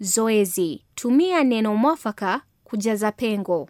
Zoezi: tumia neno mwafaka kujaza pengo.